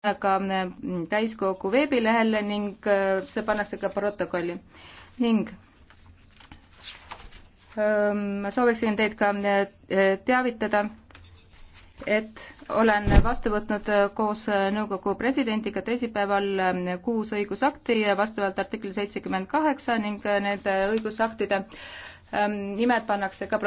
ka mm, täiskogu veebilehel ning äh, see pannakse ka protokolli. ning ähm, ma sooviksin teid ka äh, teavitada, et olen vastu võtnud äh, koos nõukogu presidendiga teisipäeval kuus õigusakti vastavalt artikli seitsekümmend kaheksa ning nende õigusaktide ähm, nimed pannakse ka